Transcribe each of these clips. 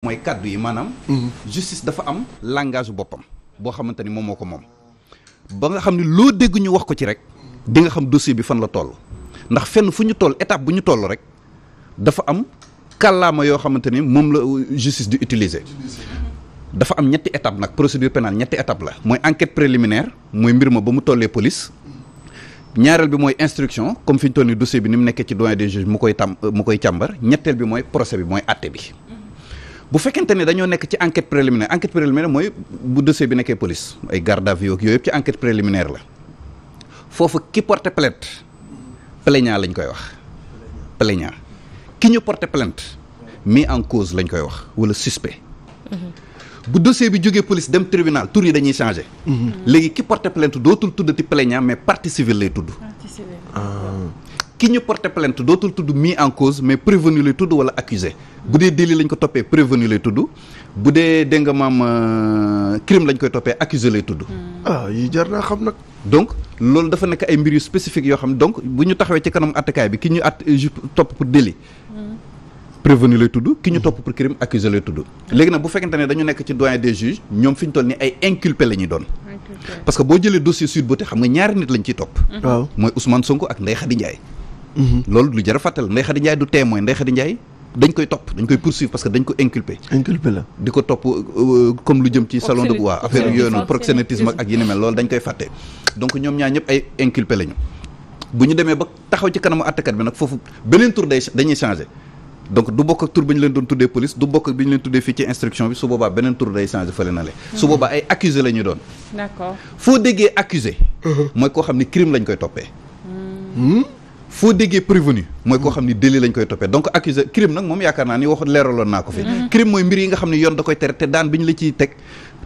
mooy kàddu yi maanaam. Mhm. justice dafa am langage boppam boo xamante ni moom moo ko moom ba nga xam ni loo dégg ñu wax ko ci rek di nga xam dossier bi fan la toll ndax fenn fu ñu toll étape bu ñu toll rek dafa am kàllaama yoo xamante ni moom la euh, justice di utiliser. dafa am ñetti étape nag procédure pénale ñetti étape la mooy enquête préliminaire mooy mbir ma ba mu tollee police ñaareel bi mooy instruction comme fi toll ni dossier bi ni mu nekkee ci doyen des juges mu koy tam euh, mu koy càmbar ñetteel bi mooy procès bi mooy àtte bi bu fekkente ne dañoo nekk ci enquête préliminaire enquête préliminaire mooy bu dossier bi nekkee police ay garde à vue ak yooyu yëpp ci enquête préliminaire la foofu ki porte plainte plaignant lañ koy wax plaignant ki ñu porte plainte mis en cause lañ koy wax walla suspect mm-hmm. bu dossier bi jógee police dem tribunal tour yi dañuy changé mm-hmm. léegi ki porte plainte dootul tuddati plaignant mais partie civile lay tudd ki ñu porté plainte dootul tudd mis en cause mais prévenu lay tudd wala accusé bu dee délit lañ ko toppee prévenu lay tudd bu dee dégg nga maam euh, crime lañ koy toppee accusé lay tudd. Hmm. ah jar naa xam nag. donc loolu dafa nekk ay mbir yu yoo xam donc bu ñu taxawee ci kanam attakaay bi ki ñu at euh, topp pour délit. Hmm. ki ñu topp pour crime accusé lay tudd. léegi nag bu fekkente ne dañu nekk ci doyen des juges ñoom fi ñu toll ni ay inculpé la ñuy doon. parce boo jëlee dossier Sweet Beauté xam nga ñaari nit lañ ciy topp. waaw hmm. mooy Ousmane Sonko ak Ndeye Khady Ndiaye. Mhm. loolu lu jar a fàttal Ndeye Khady Ndiaye du témoin Ndeye Khady Ndiaye dañ koy topp dañ koy poursuivre parce que dañ ko inculpé. inculpé la di ko topp euh, comme lu jëm ci salon de bois affaire yooyu noonu proxénétisme ak yi ni mel loolu dañ koy fàtte donc ñoom ñaar ñëpp ay inculpé lañu bu ñu demee ba taxaw ci kanamu àttekat bi nag foofu beneen tur day dañuy donc du bokk ak tur bi ñu leen doon tuddee police du bokk ak bi ñu leen tuddee fii ci instruction bi su boobaa beneen tur day changé mhm. ñu doon foo déggee accusé mhm. mooy koo xam ne crime lañ koy toppee hmm? foo déggee prévenu mooy koo mm. xam ni délit lañ koy toppee donc accusé crime nag moom yaakaar naa ni wax leeraloon naa ko fi mm-hmm. crime mooy mbir yi nga xam ne yoon da koy tere te daan bi ñu la ciy teg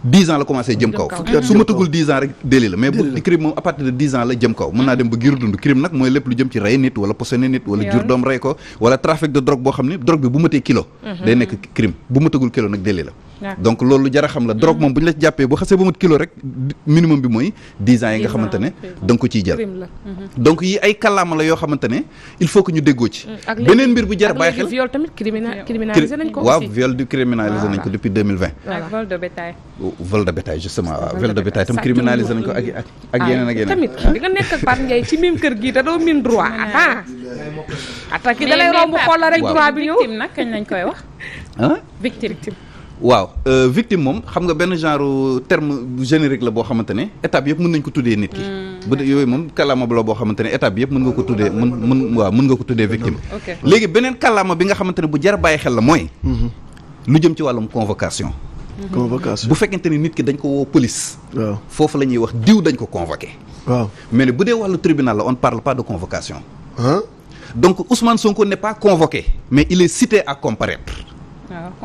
dix ans la commencé jëm kaw su ma dix ans rek délit la mais bu crime moom à de dix ans la jëm kaw mën naa dem ba giiru dund crime nag mooy lépp lu jëm ci rey nit wala posone nit wala jur doom rey ko wala trafic de drogue boo xam ne drogue donc loolu jar a xam la drogue mm-hmm. moom bu ñu la ci jàppee bu xasee ba mat kilo rek minimum bi mooy dix ans yi nga xamante ne da nga ko ciy jël mm-hmm. donc yi ay kàllaama la yoo xamante ne il faut que ñu déggoo ci mm. beneen mbir bu jar bàyyi xel viol tamit criminalisé nañ ko waaw viol du criminalisé nañ ko depuis 2020 vol de bétail vol de bétail justement ak ak ah, yeneen ak yeneen tamit di nga nekk ak Pape ci même kër gi te doo miin droit ah. attends ki da romb xool la rek droit bi ñëw victime nag kañ lañ koy wax waaw euh, victime moom xam nga benn genre terme générique la boo xamante ne étape yëpp mën nañ ko tuddee nit ki. Hmm. bu dee yooyu moom kàllaama la boo xamante ne étape yëpp mën nga ko tuddee mën mën waaw mën nga ko tuddee victime. léegi beneen kàllaama bi nga xamante ne bu jar bàyyi xel la mooy. Mhm. lu jëm ci wàllum mhm. convocation. bu fekkente ni nit ki dañ ko woo police. foofu la ñuy wax diw dañ ko convoqué. waaw mais bu dee wàllu tribunal la on parle pas de convocation. donc Ousmane Sonko n'est pas convoqué mais il est cité à comparaître.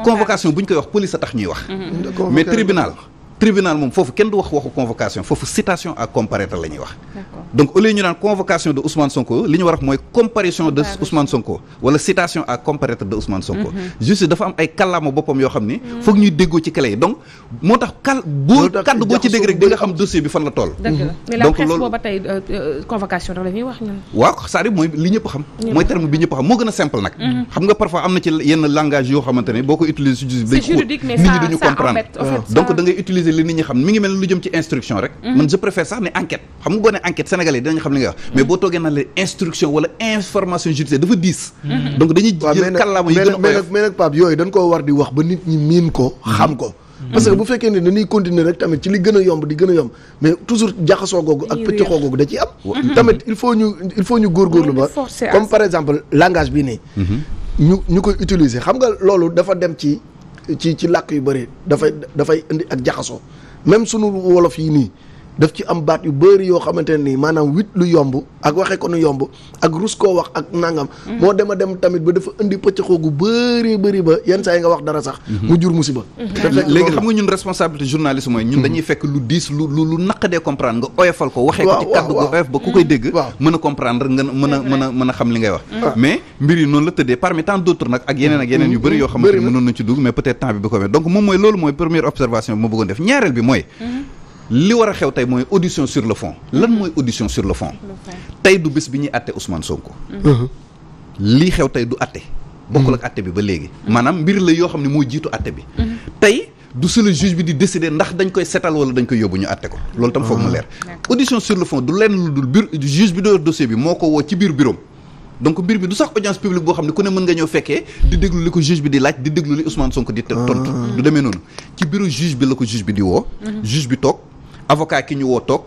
convocation bu ñu koy wax police a tax ñuy wax mm-hmm. Mm-hmm. mais tribunal tribunal moom foofu kenn du wax waxu convocation foofu citation à comparaître la wax. donc au ñu naan convocation de Ousmane Sonko li ñu war a mooy comparution de Ousmane Sonko wala citation à comparaître de Ousmane Sonko. Mm-hmm. juste dafa am ay kàllaama boppam yoo xam ni. Mm-hmm. foog ñuy déggoo ci clé yi donc moo tax kal boo kaddu boo ci dégg rek di xam dossier bi fan la toll. Mm-hmm. Euh, euh, waaw cest à mooy li ñëpp xam. mooy terme bi ñëpp xam moo gën a simple nag. xam nga vulgariser li nit ñi xam mi ngi mel ni lu jëm ci instruction rek. Mhm. man je préfère sax ne enquête xam nga boo nee enquête sénégalais dinañ xam li nga wax. Mhm. mais boo toogee na la instruction wala information judiciaire dafa diis. Mhm. donc dañuy jël kàllaama yi gën a mais nag mais nag Pape yooyu dañ koo war di wax ba nit ñi miin ko xam ko. parce que bu fekkee ne dañuy continuer rek gën a yomb di gën a yomb mais toujours jaxasoo googu ak pëccëxoo googu da ciy am. tamit il ci ci làkk yu bëri dafay dafay indi ak jaxasoo même sunu wolof yi nii daf ci am baat yu bëri yoo xamante ne nii maanaam wit lu yomb ak waxee ko nu yomb ak rus koo wax ak nangam. Mm-hmm. moo dem dem tamit ba dafa indi pëccëxoo gu bëri bëri ba yenn saa yi nga wax dara sax. Mm-hmm. mu jur musiba. Mm-hmm. léegi xam nga ñun responsabilité journaliste mooy. ñun dañuy fekk lu diis lu naqadee comprendre nga oyofal ko. waxee ko ci kàddu gu oyof ba ku koy dégg. mën a comprendre nga mën a mën xam li ngay wax. Ah. mais mbir yi noonu la tëddee parmi tant d'autres nag ak mooy loolu mooy première observation bi li war a xew tey mooy audition sur le fond lan mooy audition sur le fond tey du bés bi ñuy àtte Ousmane Sonko mhm. lii xew tey du àtte mhm. bokkul ak àtte bi ba léegi maanaam mbir la yoo xam ne moo jiitu àtte bi mhm. tey du si le juge bi di décider ndax dañ koy setal wala dañ koy yóbbu ñu àtte ko loolu tam foog mu ah. leer audition sur le fond du lenn lu dul biir juge bi door dossier bi moo ko woo ci biir bureau donc mbir bi du sax audience publique boo xam ne ku ne mën fekkee di déglu li ko di laaj di déglu li Ousmane Sonko di ah. tontu du demee noonu bi la ko juge bi di woo juge bi toog avocat ki ñu woo toog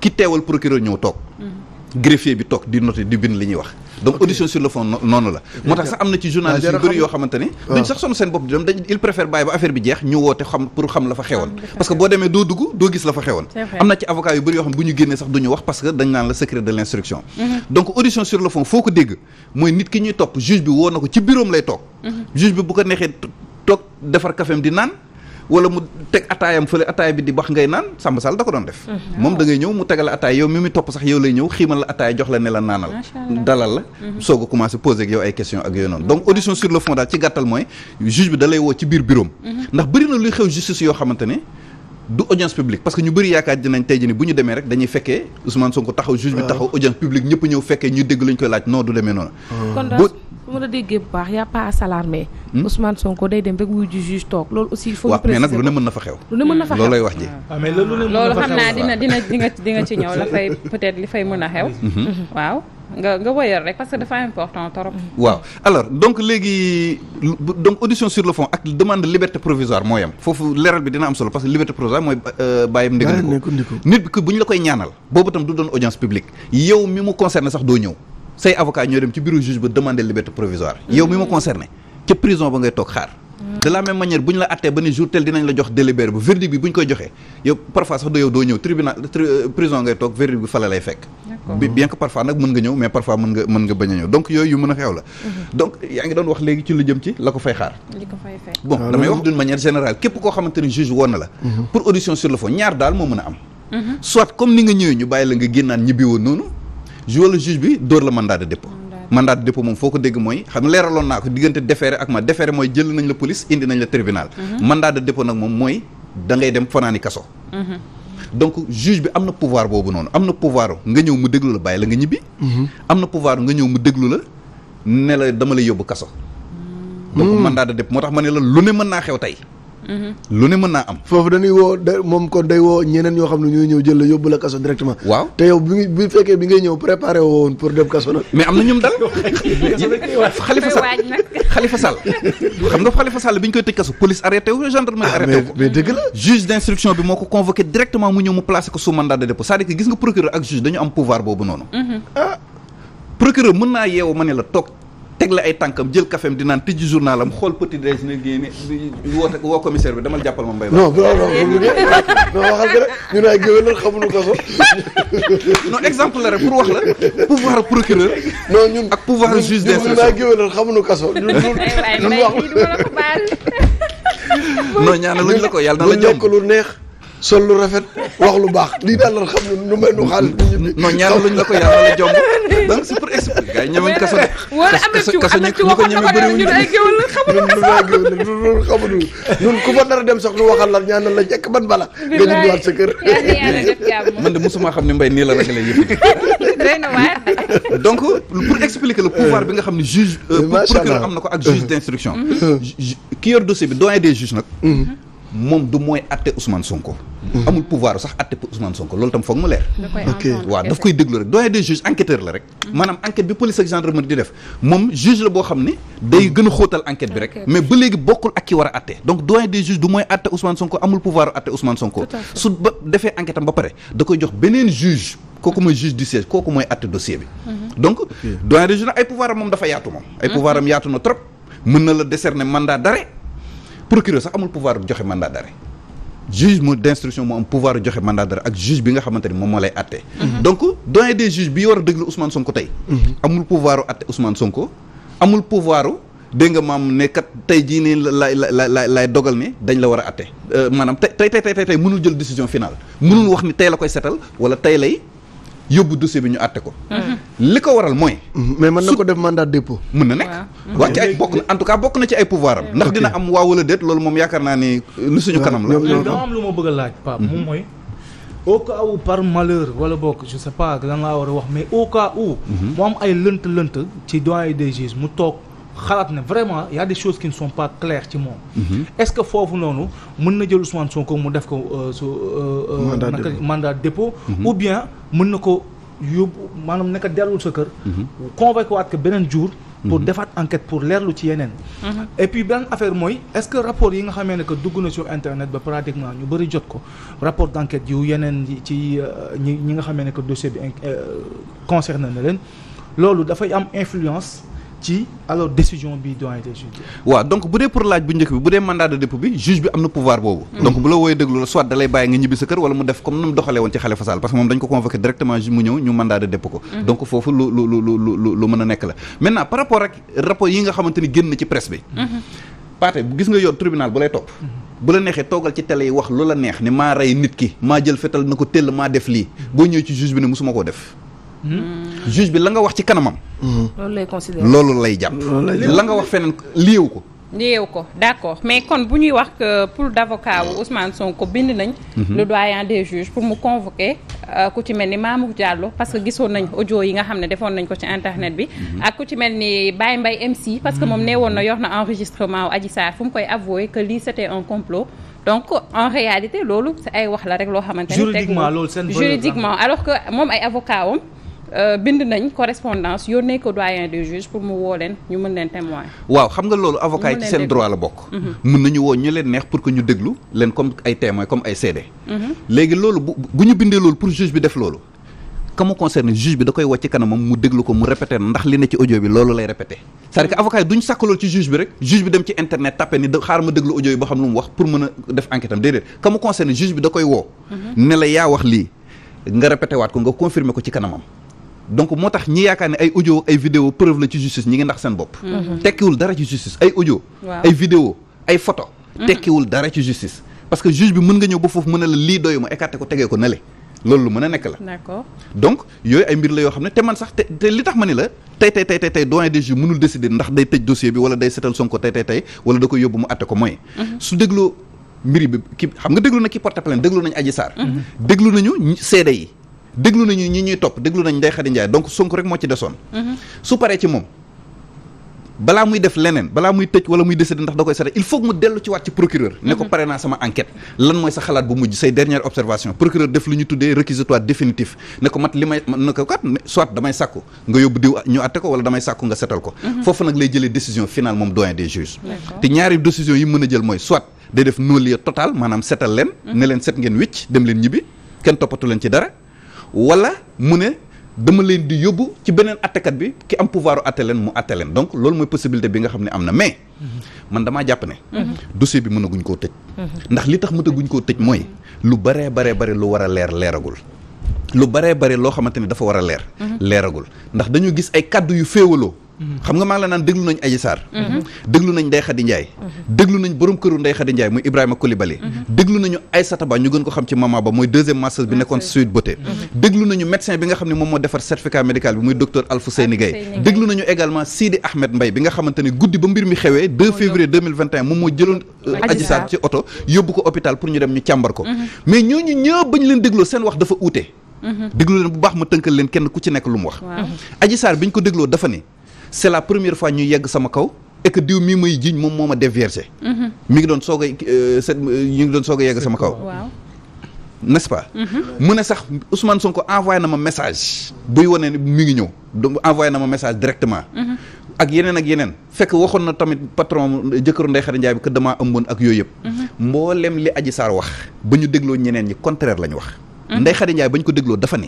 ki teewal procureur ñëw toog. Mhm. greffier bi toog di noter di bind li ñuy wax. donc audition sur le fond noonu la. moo tax sax am na ci journaliste yu bëri yoo xamante ni. Ah. sax sonn seen bopp di dem il préfère bàyyi ba affaire bi jeex ñu woote xam pour xam la fa xewoon. parce que boo demee doo dugg doo gis la fa xewoon. am na ci avocat yu bëri yoo xam bu ñu génnee sax du wax parce que dañ la secret de l' mhm. donc audition woo na ko ci bureau am lay toog. Mhm. juge bi bu ko neexee toog defar naan. wala mu teg ataayam fële ataay bi di wax ngay naan Samba Sall da ko doon def mm-hmm. moom oh. da ñëw mu tegal ataay yow mi muy topp sax yow lay ñëw xiimal ataay jox la ne la naanal dalal la mm-hmm. soog a commencé poser ak yow ay question ak yooyu noonu donc audition sur le fond daal ci gàttal mooy juge bi da woo ci biir bureau mm-hmm. ndax bëri luy xew justice yoo xamante du audience publique parce que ñu bëri yaakaar dinañ tey jii ni bu ñu demee rek dañuy fekkee ma a pas à s'alarmer. Hmm? loolu na fa xew. lu ne mën na fa xew loolay wax ji. li fay mën a xew. Mhm. Mhm. Mhm. waaw donc audition sur le fond ak demande liberté provisoire moo yem. foofu leeral bi dina am solo parce liberté provisoire mooy euh, bàyyam ndigandiku nit bi bu ñu la koy ñaanal boobu tam du doon audience publique yow mi mu concerné sax doo ñëw say avocat ñoo dem ci bureau juge ba demander liberté provisoire yow mi ma concerné ca prison ba ngay toog xaar de la bu ñu la attee ba ni jour tel dinañ la jox délibéré bu verdict bi bu ñu koy joxee yow parfois sax do yow doo ñëw tribunal euh, prison ngay toog verdict bi fala lay fekk bien que parfois nag mën nga ñëw mais parfois mën nga mën nga bañ a ñëw donc yooyu yu mën a xew la mhm. donc yaa ngi doon wax léegi ci lu jëm ci la ko ah, mhm. a joué le juge bi dóor la mandat de dépôt mandat de dépôt moom foo ko dégg mooy xam nga leeraloon naa ko diggante déféré ak ma déféré mooy jël nañ la police indi nañ la tribunal mhm. mandat de dépôt nag moom mooy da ngay dem fanaani kaso mhm. donc juge bi am na pouvoir boobu noonu am na pouvoir nga ñëw mu déglu la bàyyi la nga ñibbi mhm. am na pouvoir nga ñëw mu déglu la ne la dama lay yóbbu kaso donc mandat de dépôt moo tax ma ne la lu ne mën naa xew tey lu ne mën naa am. foofu dañuy woo de moom kon day woo ñeneen ñoo xam ne ñooy ñëw jël la yóbbu la kaso directement. waaw te yow bi bi fekkee bi ngay ñëw préparé woo woon pour dem kaso nag. mais am na ñum dal. xalifa Sall xalifa Sall bi ñu koy tëj kaso police arrêté wu gendarmerie mais dëgg la. juge d' bi moo ko convoqué directement mu ñëw mu placé ko sous mandat de dépôt c'est-à-dire que gis nga procureur ak juge dañu am pouvoir boobu noonu. Mm-hmm. ah la toog. teg la ay tànkam jël kafem di naan tijji journalam xool petit déj na génne woo woo commissaire bi damal jàppal ma mbay non non waxal ko rek ñu ne ay géwél la xamuñu kaso non pour wax la pouvoir ak pouvoir juge d'instruction ñu ne géwél la xamuñu kaso ñun ñun wax non ñaanal la ko yàlla na la jàmm lu neex sol lu rafet wax lu baax lii daal la xam ne nu may nu xaalis bi ñu. non la ko yàlla la jomb donc c'est pour expliquer gars yi ñëwoon kaso de. kaso ñi ko ñeme bëriwuñu ñun xamuñu ñun ku la ñaanal la jekk ban bala nga jubluwaat sa kër. man de mosuma xam ne mbay nii la rek la donc pour expliquer le pouvoir nga xam ne juge. Euh, macha am na ko ak juge d'instruction. ki mm-hmm. yor dossier bi doyen de juges nag. Mm-hmm. moom du mooy atte Ousmane Sonko. amul pouvoir sax atte Ousmane Sonko loolu tam foog mu leer. ok waaw koy déglu rek doyen des juges enquêteur la rek. maanaam enquête bi police ak gendarmerie di def moom juge la boo xam ne day gën a xóotal enquête bi rek. mais ba léegi bokkul ak ki war a atte donc doyen des juges du mooy atte Ousmane Sonko amul pouvoir atte Ousmane Sonko. su ba defee enquête am ba pare da koy jox beneen juge. kooku mooy juge du siège kooku mooy atte dossier bi. Mhm. donc doyen des moom dafa yaatu moom. ay mhm. pouvoir am na trop mën na la décerner mandat d'arrêt procureur sax amul pouvoir joxe mandat d'arrêt juge mu d'instruction moo am pouvoir joxe mandat d'arrêt ak juge bi nga xamante ni moom moo lay àtte mhm. donc doyen des juges bi war a déglu Ousmane Sonko tey mhm. amul pouvoir àtte Ousmane Sonko amul pouvoir dégg nga maam ne kat tey jii nii la la la lay dogal ni dañ la war a àtte euh, maanaam tey tey tey tey tey mënul jël décision finale mënul wax ni tey la koy setal wala tey lay yóbbu dossier bi ñu àtte ko. Mm-hmm. li ko waral mooy. mais mën na ko def mandat dépôt. mën na nekk wax ci ay mm-hmm. bokk na en tout cas bokk na ci ay pouvoir am. ndax dina am waa wala déet loolu moom yaakaar naa ni lu suñu kanam la. am lu ma bëgg laaj Pape mm-hmm. moom mooy. au cas par malheur wala bokk je sa pas lan laa war a wax mais au cas où. mu am ay lënt-lënt ci doyen des juges mu toog. xalaat ne vraiment y a des choses qui ne sont pas claires ci moom. Mhm. est-ce que foofu noonu mën na jël Ousmane Sonko mu def ko euh, su. Euh, euh, mandat dépôt mandat dépôt. Mhm. ou bien mën na ko yóbbu maanaam naka dellu sa kër. Mhm. convoqué waat ko beneen jour. pour defaat enquête pour leerlu ci yeneen. et puis beneen affaire mooy est-ce que rapport yi nga xamee ne que dugg na sur internet ba pratiquement ñu bëri jot ko rapport d'enquête yu yeneen ci ñi ñi nga xamee ne que dossier bi concerné na leen loolu dafay am influence. ci alors décision bi doyen des juges waaw donc bu dee pour laaj bu njëkk bi bu dee mandat de dépôt bi juge bi am na pouvoir boobu hmm. donc bu la wooyee déglu la soit da bàyyi nga ñibbi sa kër wala mu def comme nu mu doxalee woon ci Khalifa Sall parce que moom dañ ko convoqué directement mu ñëw ñu mandat de dépôt ko hmm. donc foofu lu lu lu lu mën a nekk la maintenant par rapport ak rapport yi nga xamante génn ci presse bi hmm. paate gis nga yoon Hmm. juge bi la nga wax ci kanamam. loolu lay considéré loolu lay jàpp. la nga wax feneen liiw ko. liiw ko d'accord mais kon bu ñuy wax que pour d'avocat wu Ousmane Sonko bind nañ. Mhm. le doyen des juges pour mu convoquer euh, ku ci mel ni Mamour Diallo parce que gisoon nañ audio yi nga xam ne defoon nañ ko ci internet bi. Mhm. ak ku ci mel ni Baye Mbaye MC. parce que moom mhm. nee woon na yor na enregistrement wu Adji Sarr fu mu koy avouer que lii c'était un complot. donc en réalité loolu ay wax la rek loo xamante ni. juridiquement loolu seen alors que moom ay Euh, bind nañ correspondance yónnee ko doyen des juges pour mu woo leen ñu mën leen témoin waaw xam nga loolu avocat ci seen droit la bokk mhm. mën nañu woo ñu leen neex pour que ñu déglu leen comme ay témoin comme ay seede mhm. léegi loolu bu bu ñu bindee loolu pour juge bi def loolu ka mu juge bi da koy mhm. a def woo ne la yaa wax lii nga répété ko nga confirmer ko ci kanamam donc moo tax ñi yaakaar ne ay audio ay vidéo preuve la ci justice ñi ngi ndax seen bopp. Mhm. Mhm. tekkiwul dara ci justice ay ay vidéo ay photo mhm. dara ci justice. parce que juge bi mën nga ñëw ba foofu mën na la lii doyu ma ko tegee ko nale loolu lu mën a nekk la. donc yooyu ay mbir la yoo xam ne te man sax te li tax ma ni la. tey tey tey tey tey doyen des mënul décider ndax day tëj dossier bi wala day setal Sonko tey tey tey wala da koy yóbbu mu àtte ko mooy. su dégloo mbir bi ki xam nga déglu na ki porte plainte déglu nañu Adji Sarr. déglu nañu seede yi déglu nañu ñi ñuy topp déglu nañ Ndeye Khady Ndiaye donc Sonko rek moo ci desoon. Mhm. su paree ci moom balaa muy def leneen balaa muy tëj wala muy décider ndax da koy sare il faut mu dellu ci waat ci procureur. ne ko mhm. pare naa sama enquête. lan mooy sa xalaat bu mujj say dernière observation procureur def lu ñu tuddee réquisitoire définitif ne ko mat li may ne ko kat soit damay sàkku nga yóbbu diw ñu àtte ko wala damay sàkku nga setal ko. Mhm. foofu nag lay yi mën a jël mooy soit day def leen. ne leen set ngeen wicc dem leen ñibbi kenn toppatu leen ci dara wala mu ne dama leen di yóbbu ci beneen attekat bi ki am pouvoir atte leen mu atte leen donc loolu mooy possibilité bi nga xam ne am na mais man damaa jàpp ne dossier bi mënaguñ koo tëj ndax li tax mënaguñ koo tëj mooy lu baree baree bare lu war a leer leeragul lu baree bare loo xamante ne dafa war a leer leeragul ndax dañoo gis ay kàddu yu féewaloo xam nga maa ngi la naan déglu nañ Adji Sarr mhm. déglu nañ Ndeye Khady Ndiaye mhm. déglu nañ borom këru Ndeye Khady Ndiaye muy Ibrahima Coulibaly mhm. déglu nañu Aïssata Ba ñu gën ko xam ci mama ba mooy deuxième masseuse bi nekkoon Sweet Beauté déglu nañu médecin bi moo defar certificat médical bi muy docteur Alfousseyni Gaye déglu Ahmed Mbaye bi nga xamante ne guddi ba mbir mi xewee 2 février 2021 moom moo jëloon euh, Adji Sarr ci oto yóbbu ko hôpital pour ñu dem ñu càmbar ko mais ñooñu ñëpp bañ leen dégloo seen wax dafa uute déglu leen bu baax ma tënkal leen kenn ku ci nekk lu mu wax Adji Sarr biñ ko dégloo dafa ni c'est la première fois ñu yegg sama kaw et que diw may jiñ moom moo ma dévergé mhm. mi ngi doon soog a euh, euh, ñu ngi doon soog a yegg sama kaw n'est-ce pas mhm. mu ne sax Ousmane Sonko envoyé na ma message buy wane ni mi ngi ñëw envoyé na ma message directement mhm. ak yeneen ak yeneen fekk waxoon na tamit patron jëkkëru Ndeye Khady Ndiaye bi que damaa ëmboon ak yooyu yëpp mboolem li Adji Sarr wax ba ñu dégloo ñeneen ñi contraire la ñu wax Ndeye Khady ba ñu ko dégloo dafa ne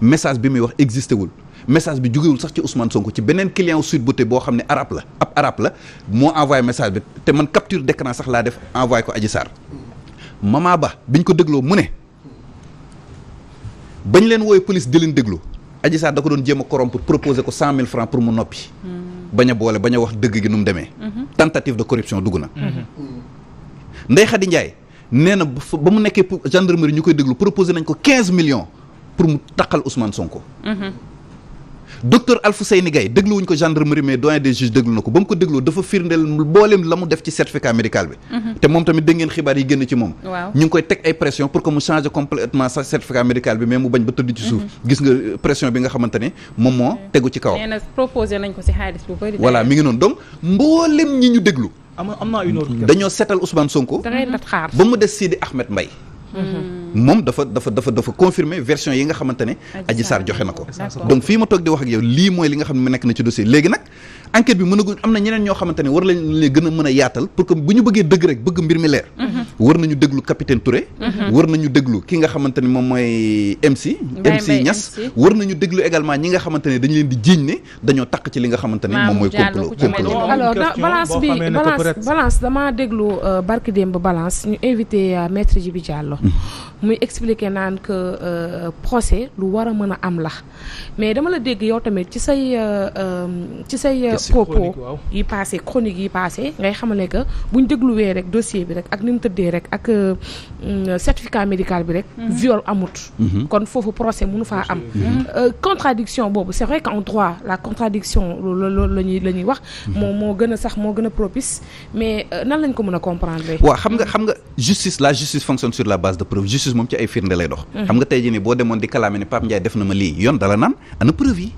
message bi muy wax existé wul message bi jugewul sax ci Ousmane Sonko ci beneen client Sweet Beauté boo xam ne arabe la ab arabe la moo envoyé message bi te man capture d'écran sax laa def envoyé ko Adji Sarr Mama Ba biñ ko dégloo mu ne bañ leen wooyee police di leen déglu Adji Sarr da ko doon jéem a corrompre proposer ko cent mille francs pour mu noppi. Hmm. bañ a boole bañ wax dëgg gi nu mu demee. Hmm. tentative de corruption dugg na. Hmm. Ndeye Khady Ndiaye nee na ba mu nekkee gendarmerie ñu koy déglu proposé nañ ko quinze millions pour mu taqal Ousmane Sonko. docteur Alfousseyni Gaye dégluwuñ ko gendarmerie mais doyen des juges déglu na ko ba mu ko dégloo dafa firndeel mbooleem la mu def ci certificat médical bi mhm. te moom tamit dégg xibaar yi génn ci moom ñu ngi koy teg ay pression pour que mu changer complètement sa certificat médical bi mais mu bañ ba tëdd ci suuf mhm. gis nga euh, pression bi nga xamante moom moo mhm. tegu ci kawam proposé nañ ngi noonu donc mbooleem ñi ñu déglu dañoo seetal Ousmane Sonko ba mu des Sidi moom dafa dafa dafa dafa confirmer version yi nga xamante ne Adji joxe na ko donc fii ma toog di wax ak yow lii mooy li nga xam ne nekk na ci dossier léegi nag enquête bi mënagul am na ñeneen ñoo xamante war lañ gën a mën a yaatal pour que bu ñu bëggee dëgg rek bëgg mbir mi leer mhm. war nañu déglu capitaine Touré mhm. war nañu déglu ki nga xamante ne moom mooy MC MC Niass war nañu déglu également ñi nga xamante ne dañu leen di jiiñ ne dañoo takk ci li nga xamante ne moom mooy complot complot alors balance bi balance balance damaa déglu euh, barki euh, démb muy expliquer naan que euh, procès lu war a mën a am la mais dama la dégg yow tamit ci say euh, euh, ci say propos yi passé chronique yi passé ngay xam ne que buñ dégluwee rek dossier bi rek ak ni mu tëddee rek ak certificat médical bi rek mhm. viol amut mhm. kon foofu procès mënu faa am mhm. contradiction boobu c'est vrai qu'en droit la contradiction loolu la ñuy la ñuy wax moom moo gën a sax moo gën a propice mais nan lañ ko mën a comprendre waaw xam nga xam nga justice la justice fonctionne justice moom ci ay firnde lay dox. xam nga tey jii nii na ma lii yoon dala naan ana preuve yi.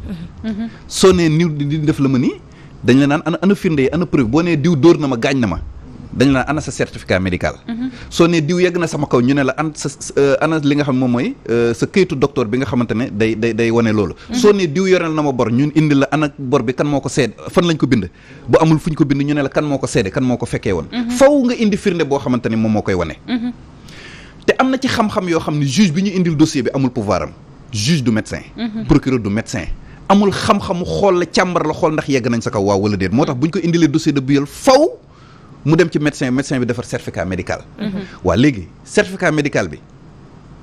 soo nee niw di def la ma nii dañ na sa certificat ne diw yegg na sama kaw ñu ne la an sa euh, ana li nga xam moom mooy euh, sa këyitu docteur bi nga xamante ne day day day wane loolu. so ne diw yoreel na ma bor ñun indi la ana bor bi kan moo ko seede fan lañ ko bind. bu amul fu ñu ko bind ñu ne la kan moo ko seede kan moo ko fekkee woon. Mhm. faw nga indi firnde boo xamante moom moo koy wane. te am na ci xam-xam yoo xam ne juge bi ñu indil dossier bi amul pouvoir am juge du médecin mhm. procureur du médecin amul xam-xamu xool la càmbar la xool ndax yegg nañ sa kaw waaw wala déet moo tax bu ñu ko indilee dossier de buyal faw mu dem ci médecin médecin bi defar certificat médical mhm. waa léegi certificat médical bi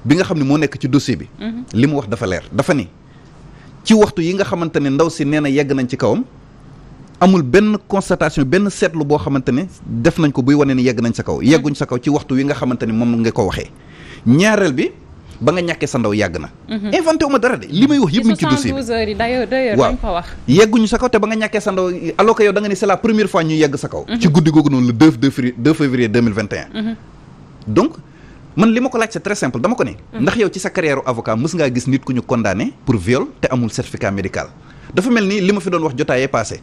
bi nga xam ne moo nekk ci dossier bi mhm. li mu wax dafa leer dafa ni ci waxtu yi nga xamante ne ndaw si nee na yegg nañ ci kawam amul benn constatation benn seetlu boo xamante ne def nañ ko buy wane ni yegg nañ sa kaw yegguñ sa kaw ci waxtu wi nga xamante ne moom nga ko waxee ñaareel bi ba nga ñàkkee sa ndaw yàgg na mhm. inventé wu dara de li may wax yëpp mi ngi ci dossier waaw yegguñu sa kaw te ba nga ñàkkee sa ndaw alors que yow da nga ni c'est la première fois ñu yegg sa kaw mhm. ci guddi googu noonu le 2 2 février mhm. donc man li ma ko laaj c'est très simple dama ko ne ndax yow ci sa carrière avocat mës ngaa gis nit ku ñu condamné pour viol te amul certificat mel ni li ma fi doon wax jotaayee passé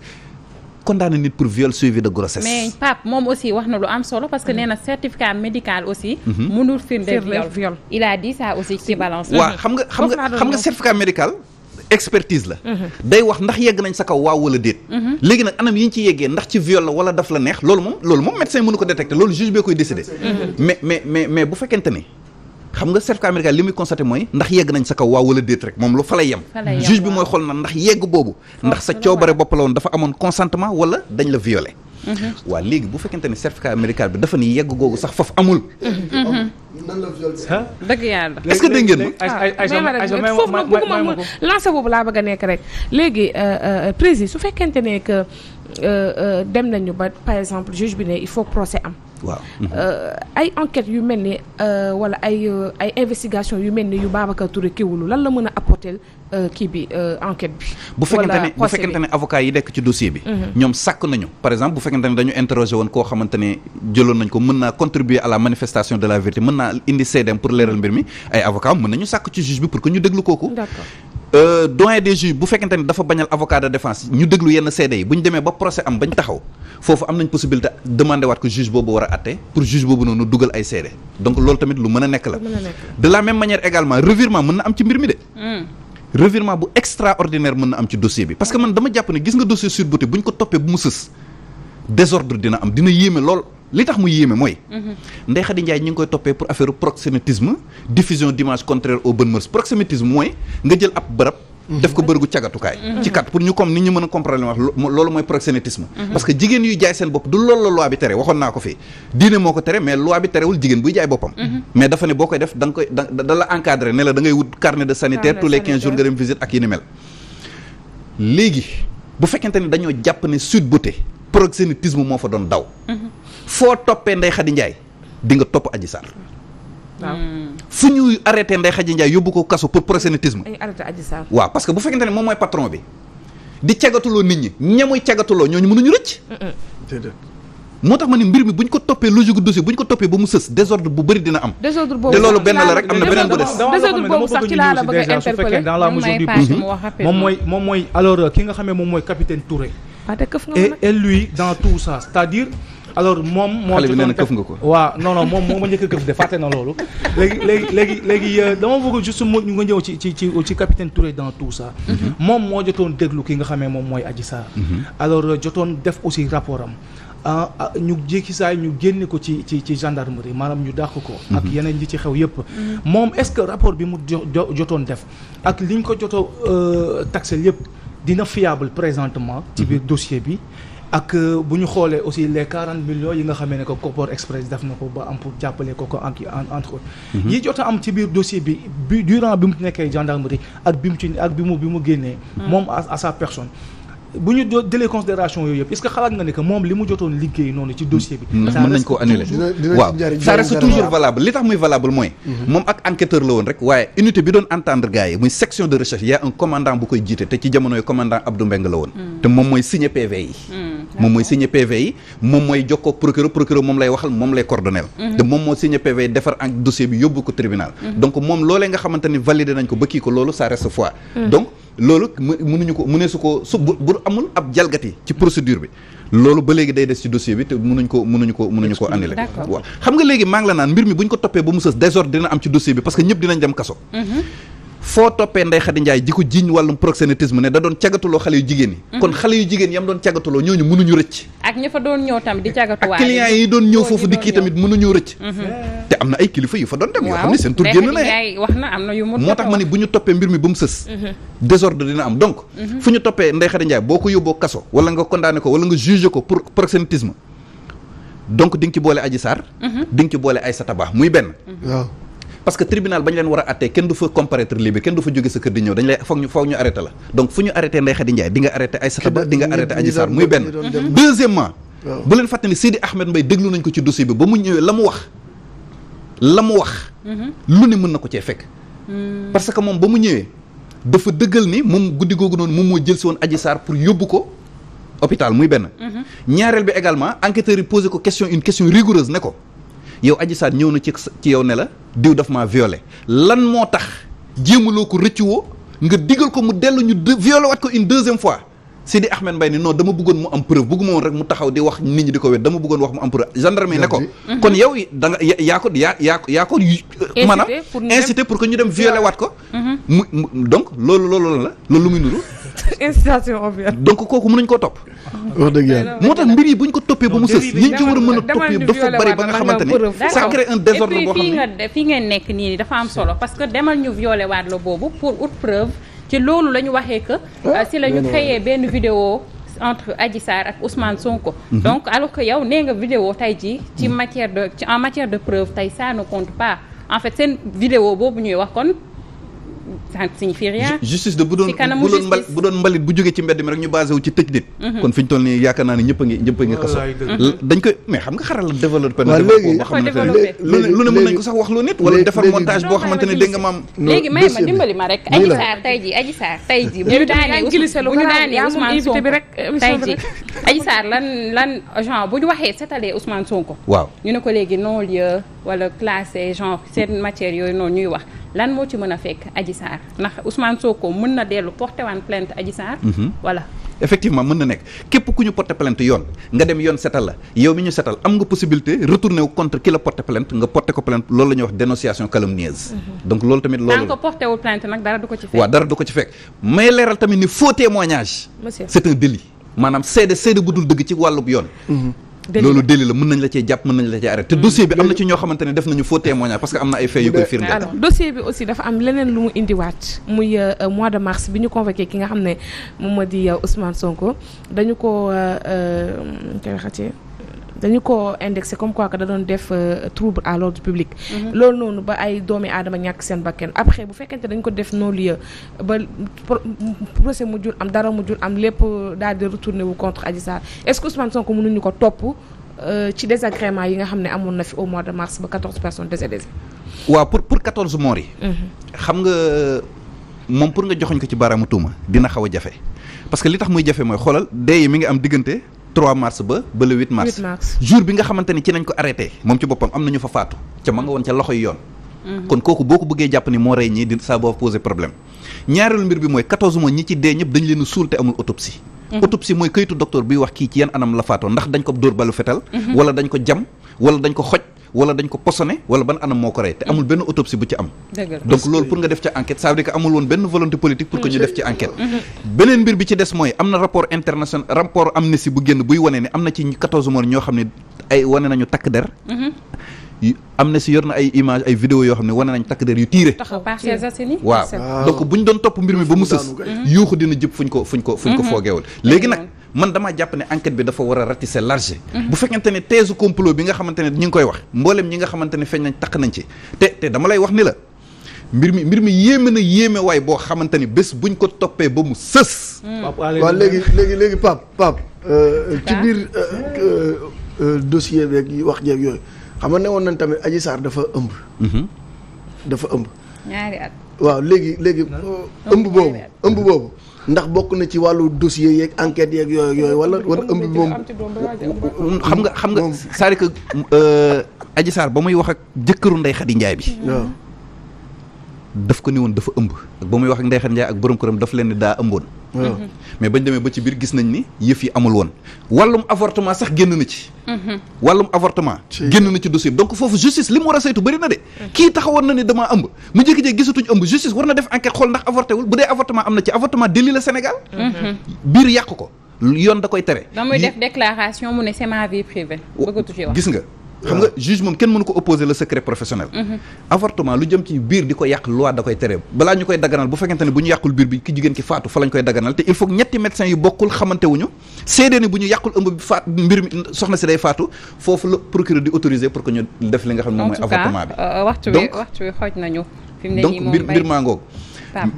condamné nit pour viol suivi de grossesse. mais Pape moom aussi wax na lu am solo parce que nee na certificat aussi. mënul mhm. firnde viol il a dit ça aussi ci balance. la. Mhm. day wax ndax yegg nañ sa kaw waaw wala déet. Mhm. léegi nag anam yi ñu ci yeggee ndax ci viol la wala daf la neex loolu moom loolu moom médecin mënu ko détecter loolu juge bee koy décider. mais mais bu fekkente ne. xam nga certificat médical li muy constaté mooy ndax yegg nañ sa kaw waaw wala déet rek moom lu fa lay yem juge bi mooy xool na ndax yegg boobu ndax sa coobare bopp la woon dafa amoon consentement wala dañ la violé mhm. waa léegi bu fekkente ne certificat médical bi dafa ni yegg googu sax foofu amul mhm. dëgg yàlla est-ce que dégg ngeen ma foofu nag bëgguma mu lancé boobu laa bëgg a nekk rek léegi euh, euh, président su fekkente ne euh, dem nañu ba par exemple juge bi ne il faut procès am waaw euh, ay enquêtes yu mel ni euh, wala ay euh, ay investigation yu mel ni yu Babacar Touré Kéwoulo lan la mën a apporter kii bi enquête bi. bu fekkente ne bu fekkente ne avocat yi nekk ci dossier bi. Mhm. ñoom sàkk nañu par exemple bu fekkente ne dañu interroger woon koo xamante ne jëloon nañ ko mën naa contribuer à la manifestation de la vérité mën naa indi seedeem pour leeral mbir mi ay avocat mën nañu sàkk ci juge bi pour que ñu déglu kooku. Euh, doyen des juges bu fekkente ni dafa bañal avocat de défense ñu déglu yenn seede yi bu demee ba procès am bañ taxaw foofu am nañ possibilité demander waat ko juge boobu war a atte pour juge boobu noonu dugal ay seede donc loolu tamit lu mën a nekk la de la même manière également revirement mën na am ci mbir mi de hmm. revirement bu extraordinaire mën na am ci dossier bi parce man dama jàpp ne gis nga dossier Sweet Beauté bu ko toppee bu mu sës désordre dina li tax mu yéeme mooy. Mhm. Ndeye Khady Ndiaye ñu koy toppee pour affaire proxénétisme diffusion d'image contraire aux bonnes mœurs proxénétisme mooy nga jël ab bërëb. Mhm. def ko bërëgu cagatukaay. Mhm. ci kat pour ñu comme nit ñi mën a comprendre wax loolu mooy proxénétisme. parce que jigéen yuy jaay seen bopp du loolu la loi bi tere waxoon naa ko fi diine moo ko tere mais loi bi terewul jigéen buy jaay boppam. mais dafa ne boo koy def da koy da da la encadré ni mel. léegi bu fekkente ne dañoo jàpp ne Sweet Beauté moo fa doon daw. foo toppee Ndeye Khady Ndiaye di nga topp Adji Sarr. waaw fu ñuy arrêté Ndeye Khady yóbbu ko kaso pour prosélytisme. waaw parce bu fekkente ne moom mooy patron bi di cagatuloo nit ñi ñamuy cagatuloo ñooñu mënuñu rëcc. moo tax ma ne mbir mi bu ñu ko toppee logique dossier bu ñu ko toppee ba mu sës désordre bu bëri dina am. désordre boobu te loolu benn la rek moom mooy moom mooy alors euh, ki nga xamee moom mooy capitaine Touré. et lui dans tout ça cest alors moom moo ci doon këf nga ko waa non non moom moo ma njëkk këf de fàtte na loolu léegi léegi léegi léegi euh, dama bëgg juste mu ñu nga ñëw ci ci ci ci capitaine Touré dans tout ça mhm. moom moo jotoon déglu ki nga xamee moom mooy Adji Sarr mhm. alors euh, jotoon def aussi rapport am ah, ah, ñu jékki saay ñu génne ko ci ci ci gendarmerie maanaam ñu dàq ko mhm. ak yeneen yi ci xew yëpp moom est-ce que rapport bi mu jotoon def ak liñ ko jotoo euh, taxel yëpp dina fiable présentement ci biir dossier bi ak euh, bu ñu xoolee aussi les quarante millions yi nga xamee ne ko Kopor Express def na ko ba am pour jàppale ko ko ak entre autres mhm. yi jot a am ci biir dossier bi bi durant bi mu nekkee gendarmerie ak bi mu ci ak bi mu bi mu génnee mhm. moom à sa personne bu ñu jëlee considération yooyu yëpp est-ce que xalaat nga ne que moom li mu jotoon liggéey noonu ci dossier bi. ndax mën nañ ko annulé waaw ça toujours valable li tax muy valable mooy. Mhm. moom ak enquêteur la woon rek waaye unité bi doon entendre gars yi muy section de recherche y un commandant bu koy jiite te ci jamonoy commandant Abdou Mbengue la woon. Hmm. te moom mooy signé PV yi. Hmm, moom mooy signé PV yi moom mooy jox ko procureur procureur moom lay waxal moom lay coordonnel hmm. te moom moo signé PV yi defar ko ba kii ko loolu ça reste loolu mënuñu ko ne su ko su bu amul ab jalgati ci procédure bi loolu ba léegi day des ci dossier bi te mënuñ ko mënuñu ko mënuñu ko annulé waa xam nga léegi maa ngi la naan mbir mi buñ ko toppee ba mu sës désordre dina am ci dossier bi parce que ñëpp dinañ dem kaso mhm. foo toppee Ndeye Khady Ndiaye di ko jiiñ wàllum proxénétisme ne da doon cagatuloo xale yu jigéen yi mhm. kon xale yu jigéen yam doon cagatuloo ñooñu mënuñu rëcc ak ña fa doon ñëw tamit di cagatuwaay ak clients yi doon ñëw foofu di kii tamit mënuñu rëcc mhm. te am na ay kilifa yu fa doon dem yoo xam ne seen tur génn na am na yu ñu toppee mbir mi ba mu sës mhm. désordre dina am donc fu ñu toppee Ndeye Khady boo ko yóbboo kaso wala nga condamné ko wala nga jugé ko pour proxénétisme donc di nga ci boole Adji Sarr di nga ci boole sa tabaa muy benn parce que tribunal bañ leen war a attee kenn du fa comparaître libre kenn du fa jóge sa kër di ñëw dañ lay foog ñu foog la donc fu ñu arrêté Ndeye Khady Ndiaye di nga arrêté Aïssata Ba di nga arrêté Adji Sarr muy benn deuxièmement bu leen fàttali Sidi Ahmed Mbaye déglu nañ ko ci dossier bi ba mu ñëwee la mu wax la mu wax mhm. lu ne mën na ko cee fekk mm. parce que moom ba mu ñëwee dafa dëggal ni moom guddi googu noonu moom moo jël si woon Adji pour yóbbu ko hôpital muy benn mhm. ñaareel bi également enquêteurs yi posé ko question une question rigoureuse ne ko yow Adji Sarr ñëw na ci ci yow la diw daf maa violé lan moo tax jéemaloo ko rëccuwoo nga digal ko mu dellu ñu violé waat ko une deuxième fois Sidi Ahmed Mbaye ni non dama bëggoon mu am preuve bëgguma woon rek mu taxaw di wax nit ñi di ko wet dama bëggoon wax mu am preuve gendarmerie ne ko mhm. kon yow da nga yaa ko yaa ko yaa euh, ko pour que ñu dem violé waat ko mhm. mu donc loolu loolu la loolu lu muy nuru incitation au viol donc kooku mënuñ ko topp. wax dëgg yàlla moo tax mbir yi buñ ko toppee ba mu sës. ñi ñu ci war a mën ba nga xamante ne ça crée un désordre boo xam fii ngeen nekk nii dafa am solo parce que demal ñu violé waat la boobu pour ut preuve ci loolu la ñu waxee que. Ah, euh, si la ñu créé benn vidéo. entre Adji Sarr ak Ousmane Sonko. ko mhm. donc alors que yow nee nga vidéo tey jii. ci mhm. matière de ci en matière de preuve tey sa ne compte pas en fait seen vidéo boobu ñuy wax kon. ça signifie rien justice de bu doon bu doon mbalit bu jógee ci mbedd mi rek ñu basé ci tëj nit mhm. kon fi toll nii yaakaar naa ne a ngi ñëpp a ngi kaso dañ koy lu ne mën nañ ko sax wax lu nit wala defar montage boo xamante ne nga maam léegi may ma dimbali ma rek Adji Sarr ji Adji Sarr ji bu ñu daanee Ousmane Sonko tey waxee sétalee Ousmane Sonko waaw ñu ne ko léegi non lieu wala classé genre seen matière yooyu noonu ñuy wax lan moo ci mën a fekk Adji Sarr ndax Ousmane Sonko mën na dellu porté waan plainte Adji Sarr mhm. voilà effectivement mën na nekk képp ku ñu porté plainte yoon nga dem yoon setal la yow mi ñu setal am nga possibilité retourné wu contre ki la porté plainte nga porté ko plainte loolu la ñuy wax dénonciation calomnieuse mhm. donc loolu tamit loolu ko porté wu nag dara du ko ci fekk waaw dara du ko ci fekk mais leeral tamit ni faux témoignage c'est un maanaam seede seede loolu déli la mën nañ la cee jàpp mën nañ la cee arrêté te mm. dossier bi am na ci ñoo xamante ne def nañu faux témoignage parce que am na ay faits yu koy firndeel dossier bi aussi dafa am leneen lu mu indiwaat muy euh, euh, mois de mars bi ñu convoqué ki nga xam ne moom moo di euh, Ousmane Sonko dañu ko koy dañu ko indexé comme quoi que da doon def euh, trouble à l'ordre public mhm. loolu noonu ba ay doomi aadama ñàkk seen bakken après bu fekkente dañ ko def non lieu ba procès mu jur am dara mu jur am lépp euh, daal di retourné wu contre Adji Sarr est-ce que Ousmane Sonko mënuñu ko topp euh, ci désagrément yi nga xam ne amoon na fi au mois de mars ba quatorze personnes décédées waaw pour pour quatorze morts yi mhm. xam nga moom pour nga joxoñ ko ci baaraamu tuuma dina xaw a jafe que li tax muy jafe mooy xoolal dee mi ngi am diggante 3 mars ba ba le mars. jour bi nga xamante ni ci nañ ko arrêté moom ci boppam am na ñu fa faatu ca ma nga woon ca loxoy yoon. Mhm. kon kooku boo ko bëggee jàpp ni moo rey ñii di ça va poser problème. ñaareelu mbir bi mooy 14 ñi ci dee ñëpp dañ leen suul te amul autopsie. Mhm. autopsie mooy kayitu docteur bi wax kii ci yan anam la faatoo ndax dañ ko dóor balu fetal. Mhm. wala dañ ko jam wala dañ ko xoj. wala dañ ko poisonné wala ban anam moo ko rey te amul benn autopsie bu ci am donc loolu pour nga def ca enquête ça veut dire que amul woon benn volonté politique pour que ñu def ci enquête mhm. beneen mbir bi ci des mooy am na rapport international rapport Amnesty bu génn buy wane ne am na ci quatorze morts ñoo xam ne ay wane nañu takk der am na si yor na ay image ay vidéo yoo xam ne wane nañ takk der yu tiire waaw donc buñ doon topp mbir mi ba mu sës mhm. yuuxu dina jëp fuñ ko fuñ ko fuñ ko mhm. foogeewul léegi nag man dama jàpp ne enquête bi dafa war a ratisser large mhm. bu fekkente ne thèse complot bi nga xamante ne ñu ngi koy wax mboolem ñi nga xamante ne feeñ nañ taq nañ ci te te dama lay wax ni la mbir mi mbir mi yéeme na yéeme waay boo xamante ni bés buñ ko toppee ba mu sës hmm. waaw léegi léegi léegi Pape Pape euh, ci biir euh, euh, dossier beeg wax jeeg yooyu xam nga ne woon nañ tamit Adji Sarr dafa ëmb mhm. ëmb waaw léegi léegi ëmb boobu ëmb boobu ndax bokk na ci wàllu dossier yeeg enquête yeeg yooyu yooyu wala wala ëmb bi moom xam nga xam nga c'est-à-dire que euh, Adji Sarr ba muy wax ak jëkkëru Ndeye Khady Ndiaye bi daf ko ni woon dafa ëmb ak ba muy wax ak Ndeye Khady Ndiaye ak borom këram dafa leen daa ëmboon mais bañ demee ba ci biir gis nañ ni yëf yi amul woon wàllum avortement sax génn na ci mhm. wàllum avortement génn na ci dossier donc foofu justice li mu war a saytu bëri na de mm. kii taxawoon na ni damaa ëmb mu jékki-jékki ëmb justice war na def enquête xool ndax avorté wul bu dee avortement am na ci avortement délit la Sénégal mhm. biir yàq ko yoon da koy tere da muy def déclaration mu ne c'est ma gis nga xam nga juge moom kenn mënu ko opposer le secret professionnel avortement lu jëm ci biir di ko yàq loi da koy tere balaa ñu koy daganal bu fekkente ne bu ñu yàqul biir bi ki jigéen ki faatu fa lañ koy daganal te il faut ñetti médecins yu bokkul xamante wuñu seedee bu ñu yàqul ëmb bi faat mbir mi soxna si day faatu foofu la procureur di autoriser pour que ñu def li nga xam ne moom mooy avortement bi donc mbir mbir maa ngoog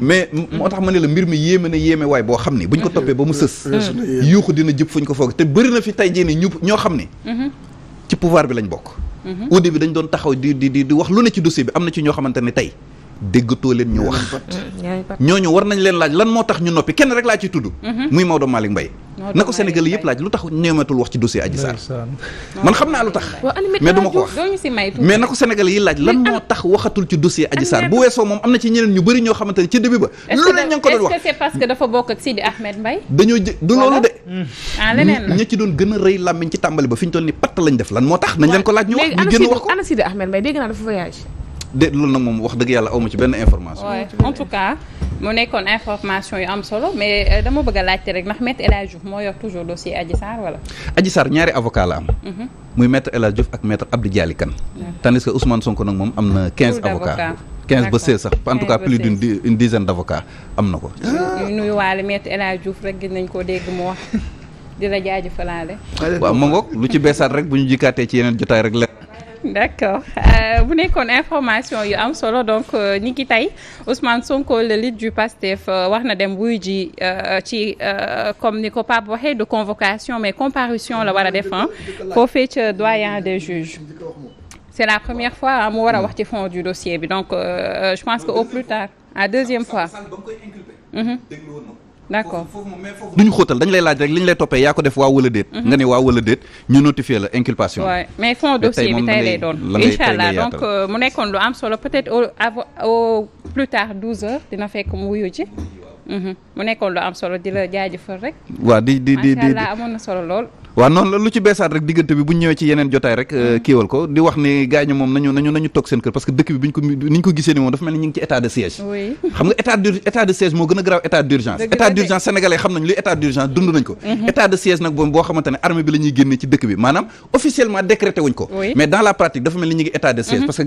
mais moo tax ma ne la mbir mi yéeme na yéeme waay boo xam ni buñ ko toppee ba mu sës yuuxu dina ko foog te bëri na fi tey jii ni ñoo xam ni ci pouvoir bi lañ bokk. Mhm. au début dañ doon taxaw di di di wax lu ne ci dossier bi am na ci ñoo xamante tey. too leen ñu wax. Mm, ñooñu war nañ leen laaj lan moo tax ñu noppi kenn rek laaj ciy tudd. Mm-hmm. muy Maodo Malick Mbaye. mbay ko Sénégal yëpp laaj lu tax ñeematul wax ci dossier Adji Sarr. man naa lu tax. mais duma ko wax na ko Sénégal yi laaj lan moo tax waxatul ci dossier Adji bu weesoo moom am na ci ñeneen ñu bëri ñoo xamante ci début ba. lu leen ña ko doon wax dañoo jë du loolu de. Mm. ah leneen doon gën a rëy làmmiñ ci tàmbali ba fi ñu toll ni patt lañ def lan moo tax nañ leen ko laaj ñu wax ñu gën wax ko déet loolu nag moom wax dëgg yàlla awma ci benn information. en tout cas mu nekkoon information yu am solo mais euh, dama bëgg a laajte rek ndax maître El moo yor toujours dossier Adji Sarr wala. ñaari avocat la am. Mhm. muy maître El Hadj Diouf ak maître Abdou Dialy Kane. tandis que Ousmane Sonko nag moom am na 15 avocats. 15 ba 16 sax en tout cas plus d'une une dizaine d'avocats am na ko. ñu nuyuwaale maître El rek gis nañ ko dégg mu wax di la jaajëfalaale. bu ci yeneen jotaay rek. d' accord bu euh, nekkoon information yu am solo donc euh, ni ki tey Ousmane Sonko le leader du PASTEF euh, wax dem wuy ji ci comme ni ko Pape waxee de convocation mais comparution la war a def koo fee ca doyen des juges. c' est la première fois mu war a wax ci fond du dossier bi donc je pense que au plus tard à deuxième fois. d'accord du ñu xóotal dañ lay laaj rek li lay toppee yaa ko def waa wala déet. Mhm. nga ne waaw wala ñu notifier la inculpation. waaw mais fond dossier bi tey lay doon incha allah donc euh, mu nekkoon lu am solo peut-être au au plus tard 12 heures dina fekk mu wuyu ji. Mhm. mu nekkoon lu am solo di la jaajëfal rek. waaw di di di di macha allah amoon noonu la lu ci beesaat rek diggante bi bu ñëwee ci yeneen jotaay rek euh, mhm. kiiwal ko di wax ni gaañu moom nañu nañu nañu seen kër parce que dëkk bi bi ñu ko ni ñu ko gisee ni moom dafa mel ni ñu ngi ci état de siège xam nga état de siège moo gën a garaaw état d' état d' urgence xam nañ luy état d' urgence dund ko mhm. état de siège nag boobu boo xamante ne bi la